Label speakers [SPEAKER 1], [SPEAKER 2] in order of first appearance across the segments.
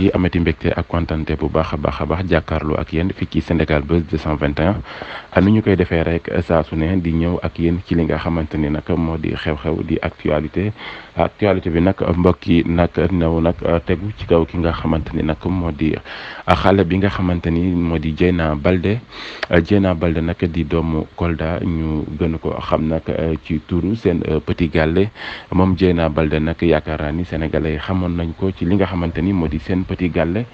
[SPEAKER 1] yi amati mbégte ak kontante bu baax a baax a baax jàkkaarloo ak yéen fii ci Sénégal Buzz a nu ñu koy defee rek saa su ne di ñëw ak yéen ci li nga xamante ni nag moo di xew-xew di actualité actualité bi nag mbokk yi nag ñëw nag euh, tegu ci kaw ki nga xamante ni nag moo di euh, xale bi nga xamante ni moo di Dieyna Baldé euh, Dieyna Baldé nag di doomu Kolda ñu gën ko xam nag ci turu seen petit gàlle moom Dieyna Baldé nag yaakaar naa ni sénégalais xamoon nañ ko ci li nga xamante ni moo di seen petit galle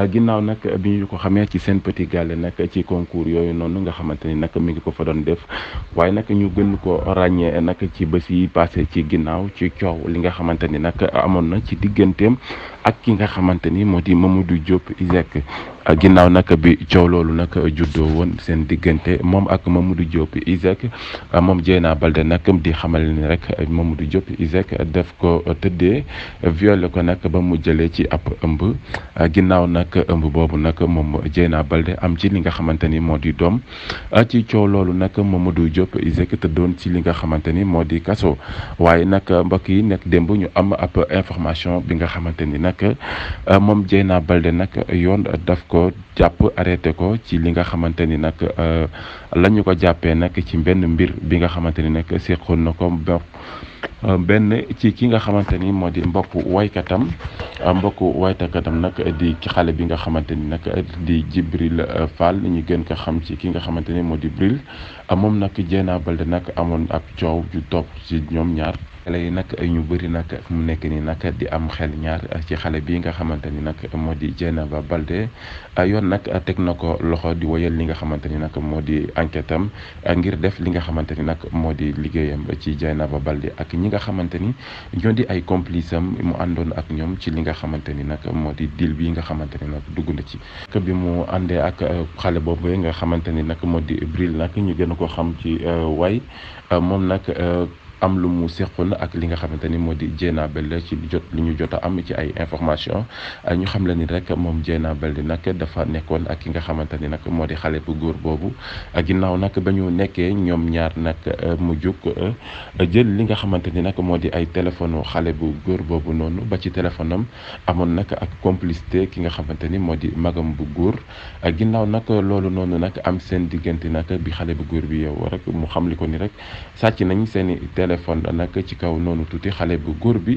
[SPEAKER 1] ah, ginnaaw nag bi ñu ko xamee ci seen petit galle nag ci concours yooyu noonu nga xamante ni nag mi ngi ko fa doon def waaye nag ñu gën ko ràññee nag ci bés yi ci ginnaaw ci coow li nga xamante ni nag amoon na ci digganteem ak ki nga xamante ni moo di Mamadou Diop ISEC ginnaaw nag bi coow loolu nag juddoo woon seen diggante moom ak Mamadou Diop ISEC moom Dieyna Baldé nag di xamal ni rek Mamadou Diop ISEC def ko tëddee violé nag ba mu jëlee ci ab ëmb ginnaaw nag ëmb boobu nag moom Baldé am ci li nga xamante ni moo di doom ci coow loolu nag Mamadou Diop ISEC tëddoon ci li nga xamante ni moo di kaso waaye nag mbokk yi nag démb ñu am ab information bi nga xamante ni nag nag euh, moom Dieyna Baldé nag yoon daf ko jàpp arrêté ko ci li nga xamante ni nag euh, la ñu ko jàppee nag ci benn mbir bi nga xamante ni nag séqoon na ko euh, benn ci ki nga xamante ni moo di mbokk waykatam mbokk waytakatam nag di ki xale bi nga xamante ni nag di Jibril Fall ñu gën ko xam ci ki nga xamante ni moo di Bril moom nag Dieyna Baldé nag amoon ab coow ju topp ci ñoom ñaar xale yi nag ñu bëri nag mu nekk ni nag di am xel ñaar ci xale bi nga xamante ni nag moo di Dieynaba Baldé yoon nag teg na ko loxo di woyal li nga xamante ni nag moo di enquête am ngir def li nga xamante ni nag moo di liggéeyam ci Dieynaba Baldé ak ñi nga xamante ni ñoo di ay complice am mu àndoon ak ñoom ci li nga xamante ni nag moo di deal bi nga xamante ni nag dugg na ci bi mu àndee ak xale boobu nga xamante ni nag moo di Bril nag ñu gën a ko xam ci euh, way moom nag euh, am lu mu seqoon ak li nga xamante ni moo di Dieyna Baldé ci jot li ñu jot am ci ay information ñu xam la ni rek moom Dieyna Baldé nag dafa nekkoon ak ki nga xamante ni nag moo di xale bu góor boobu ginnaaw nag ba ñu nekkee ñoom ñaar nag euh, mu jóg euh, jël li nga xamante ni nag moo di ay téléphone xale bu góor boobu noonu ba ci téléphone am amoon nag ak complicité ki nga xamante ni moo di magam bu góor ginnaaw nag loolu noonu nag am seen diggante nag bi xale bu góor bi yow rek mu xam li ko ni rek nañ seen téléphone la nag ci kaw noonu tuuti xale bu góor bi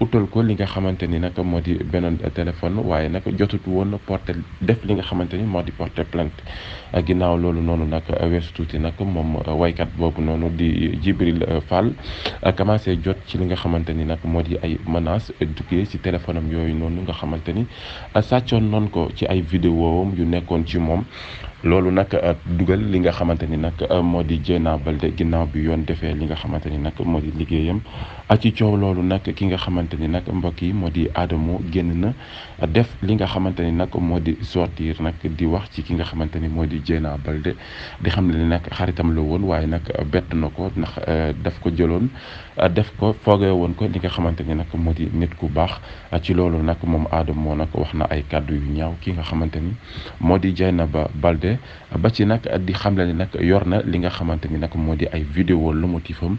[SPEAKER 1] utal ko li nga xamante ni nag moo di beneen téléphone waaye nag jotut woon porté def li nga xamante ni moo di porté plainte ginnaaw loolu noonu nag weesu tuuti nag moom waykat boobu noonu di Jibril Fall commencé jot ci li nga xamante ni nag moo di ay menaces duggee ci téléphone am yooyu noonu nga xamante ni sàccoon noon ko ci ay vidéo yu nekkoon ci moom. loolu nag dugal li nga xamante ni nag moo di Dieyna Baldé ginnaaw bi yoon defee li nga xamante ni nag moo di liggéeyam ci coow loolu nag ki nga xamante xamante ni nag mbokk yi moo di aadamoo génn na def li nga xamante ni nag moo di sortir nag di wax ci ki nga xamante ni moo di Dieyna Baldé di xam ne nag xaritam la woon waaye nag bett na ko ndax euh, daf ko jëloon euh, def ko foogee woon ko li nga xamante ni nag moo di nit ku baax ci loolu nag moom Adamo nag wax na ay kàddu yu ñaaw ki nga xamante ni moo di Dieyna Baldé ba ci nag di xamle ni nag yor na li nga xamante ni nag moo di ay vidéo lu motifam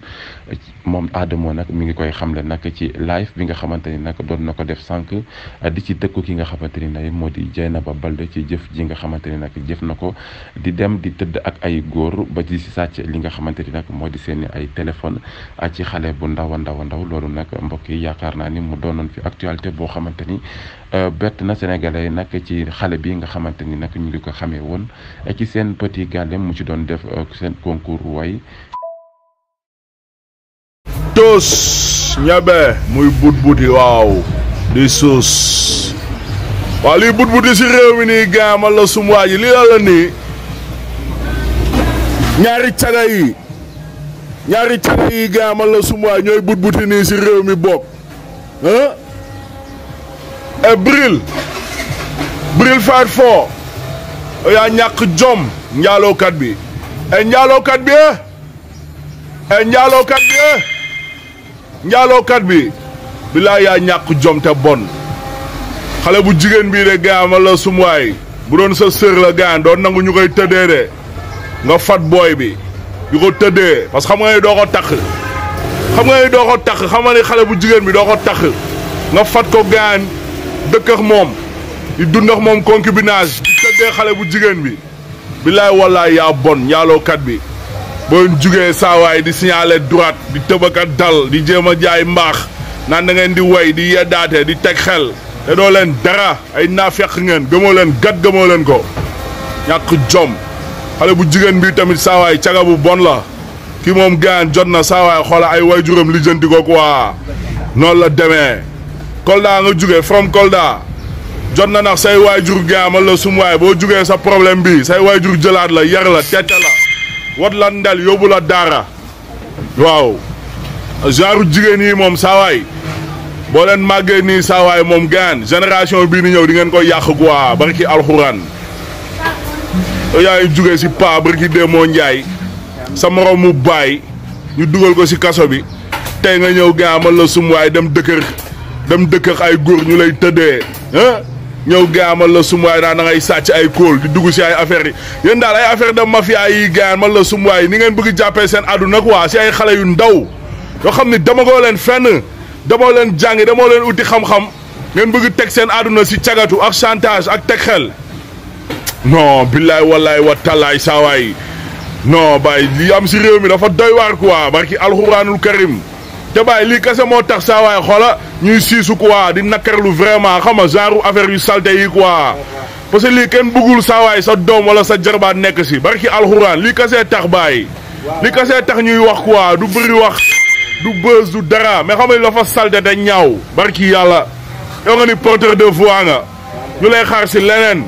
[SPEAKER 1] moom aadamoo nag mu ngi koy xamle nag ci live bi nga xamante ni nag doon na ko def sànq eh, di ci dëkku ki nga xamante ni nag moo di Dieynaba Balde ci jëf ji nga xamante ni nag jëf na ko di dem di tëdd ak ay góor ba ci sàcc li nga xamante ni nag moo di seeni ay téléphone eh, ci xale bu ndaw a ndaw a ndaw loolu nag mbokk yi yaakaar naa ni mu doon doonoon fi actualité boo xamante ni eh, bett na sénégalais yi nag ci xale bi nga xamante ni nag ñu ngi ko xamee woon ci seen petit gàllem mu ci doon def seen concours way tos ñebe muy but buti di suus
[SPEAKER 2] waaw lii but buti si réew mi nii gaamal la sum waa ji lii la la nii ñaari caga yi ñaari caga yi gaamal but buti nii réew mi bokk ah bril bril faat foo yaa ñàkk jom njaalookat bi e njaalookat bi e njaalookat bi njaalookat bi bilaa yaa ñàkk te bon xale bu jigéen bii de gaama la sumuwaay bu doon sa sër la gaan doon nangu ñu koy tëddee de nga fat booy bi di ko tëddee parce que xam nga ne doo ko takk xam nga ne doo ko takk xam nga ne xale bu jigéen bi doo ko takk nga fat ko gaan dëkk moom di dund ak moom concubinage di tëddee xale bu jigéen bi bilaay wallaay yaa bon njaalookat bi boo jugee saawaay di signaler droite di tëbakat dal di jéem a jaay mbaax naan da ngeen di woy di yeddaate di teg xel te doo leen dara ay naafeq ngeen gëmoo leen gat gëmoo leen ko ñàkk jom xale bu jigéen bi tamit saawaay cagabu bon la kii moom gaan jot na saawaay xoola ay waajuram lijjanti ko quoi noonu la demee Kolda nga jugee from Kolda jot na nax say waajur gaan man la sum waay boo jugee sa problème bi say waajur jëlaat la yar la tette la wat lan ndel yóbbu la daara waaw genre jigéen yi moom saawaay boo leen màggee nii saawaay moom gaan génération bii ni ñëw di ngeen koy yàq quoi barki alxuraan yaay jugee si paa barki dee moo njaay sa moroomu baay ñu dugal ko si kaso bi tey nga ñëw gaan man la sum dem dëkkër dem dëkkër ay góor ñu lay tëddee ñëw gaamal la sumuwaay naa da ngay sàcc ay kóol di dugg si ay affaires yi yéen daal ay affaire de mafia yi gaan man la sumuwaay ni ngeen bëgg jàppee seen àdduna quoi si ay xale yu ndaw yoo xam ni damagoo leen fenn damoo leen jàngi damoo leen uti xam-xam ngeen bëgg teg seen àdduna si cagatu ak chantage ak teg xel non billaay wallaay wa tallaay saawaay non bay li am si réew mi dafa doy waar quoi barki alxuraanul karim te bàyyi lii kese moo tax saa waay xoola ñuy siisu quoi di nakkarlu vraiment xam nga genre affaire yu salte yi quoi. parce que lii kenn bëggul saa sa doom wala sa jarbaat nekk si barki alxuraan lii kese tax bàyyi. li kase tax ñuy wax quoi du bëri wax du bës du dara mais xam nga la fa salte te ñaaw. barki yàlla yow nga ni porteur de voix nga ñu lay xaar si leneen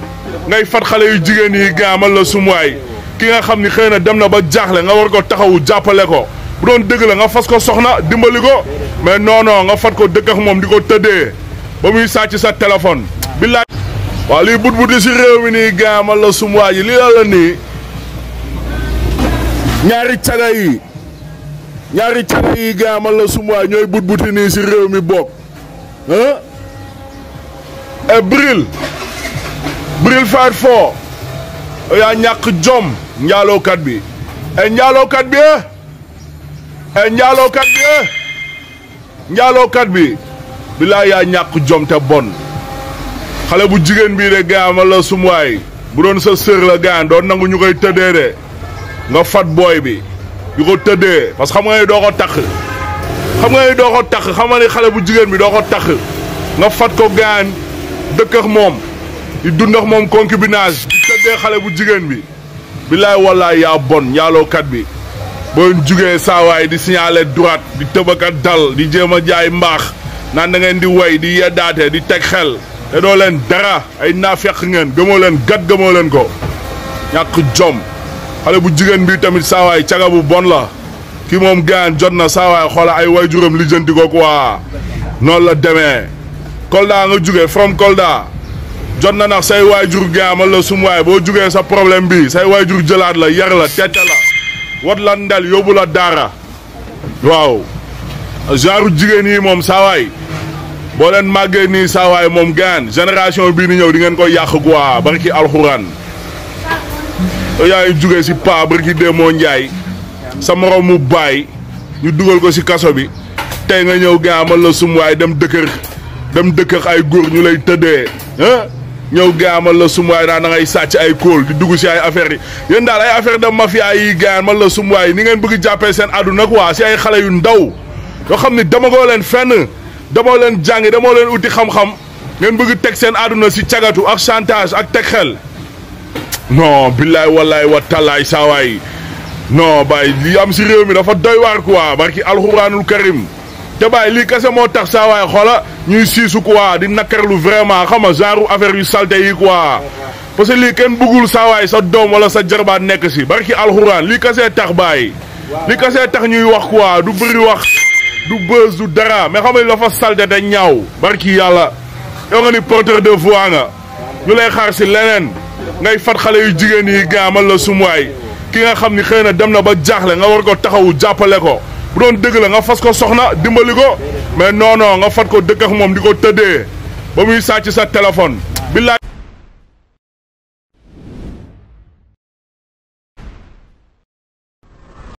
[SPEAKER 2] ngay fat xale yu jigéen yi gaamal la sumuwaay ki nga xam ni xëy na dem na ba jaaxle nga war ko taxawu jàppale ko. bu doon dëgg la fas ko soxna dimbali ko mais non non nga fat ko dëkk moom di ko tëddee ba muy sàcc sa téléphone. billaay waaw lii but but mi nii gaamal la sum waa ji lii la la nii ñaari caga yi ñaari caga yi gaamal la sum waa ñooy but buti nii si réew mi bokk ah. Eh, et Bril Bril Fight yaa ñàkk jom njaalookat bi et eh, njaalookat bi eh? Eh, njaalookat bi eh? njaalookat bi bilaa yaa ñàkk jom te bon xale bu jigéen bii de gaama la sumuwaay bu doon sa la gaan doon nangu ñu koy tëddee de nga fat booy bi yu ko tëddee parce que xam nga ne doo ko takk xam nga ne doo ko takk xam nga xale bu jigéen bi doo ko takk nga fat ko gaan dëkk moom di dund ak moom concubinage di tëddee xale bu jigéen bi bilaay wallaay yaa bon njaalookat bi boo jugee saawaay di signaler droite di tëbakat dal di jéem a jaay mbaax naan da ngeen di woy di yeddaate di teg xel te doo leen dara ay naafeq ngeen gëmoo leen gat gëmoo leen ko ñàkk jom xale bu jigéen bi tamit saawaay caga bon la kii moom gaan jot na saawaay xoola ay waajuram lijjanti ko quoi noonu la demee Kolda nga jugee from Kolda jot na nax say waajur gaan man la sum waay boo jugee sa problème bi say waajur jëlaat la yar la tette wat la ndel yóbbu la daara waaw genre jigéen yi moom saawaay boo leen màggee nii saawaay moom gaan génération bii ni ñëw di ngeen koy yàq quoi barki alxuraan yaay jugee si paa barki Démoo Njaay sa moroomu baay ñu dugal ko si kaso bi tey nga ñëw gaa man la sum waay dem dëkkër dem dëkkër ay góor ñu lay tëddee ñëw gaamal la sumuwaay naa da ngay sàcc ay kóol di dugg si ay affaire yi yéen daal ay affaire de mafia yi gaamal la sumuwaay ni ngeen bëgg jàppee seen àdduna quoi si ay xale yu ndaw yoo xam ne damagoo leen fenn damoo leen jàngi damoo leen uti xam-xam ngeen bëgg teg seen àdduna si cagatu ak chantage ak teg xel non billaay wallaay wa tàllaay saawaay non baay li am si réew mi dafa doy waar quoi barki alxuraanul karim te bàyyi lii kese moo tax saa xola xoola ñuy siisu quoi di lu vraiment xam nga genre affaire yu salte yi quoi. parce que kenn bëggul saa sa doom wala sa jarbaat nekk si barki alxuraan lii kese tax bàyyi. li kase tax ñuy wax quoi du bëri wax du bës du dara mais xam nga dafa salte te ñaaw. barki yàlla yow nga ni porteur de voix nga ñu lay xaar si leneen ngay fat xale yu jigéen yi gaamal la sumuwaay ki nga xam ni xëy na dem na ba jaaxle nga war ko taxawu jàppale ko. bu doon dëgg la nga fas ko soxna dimbali ko mais non non nga fat ko dëkk ak moom di ko tëddee ba muy sàcc sa téléphone.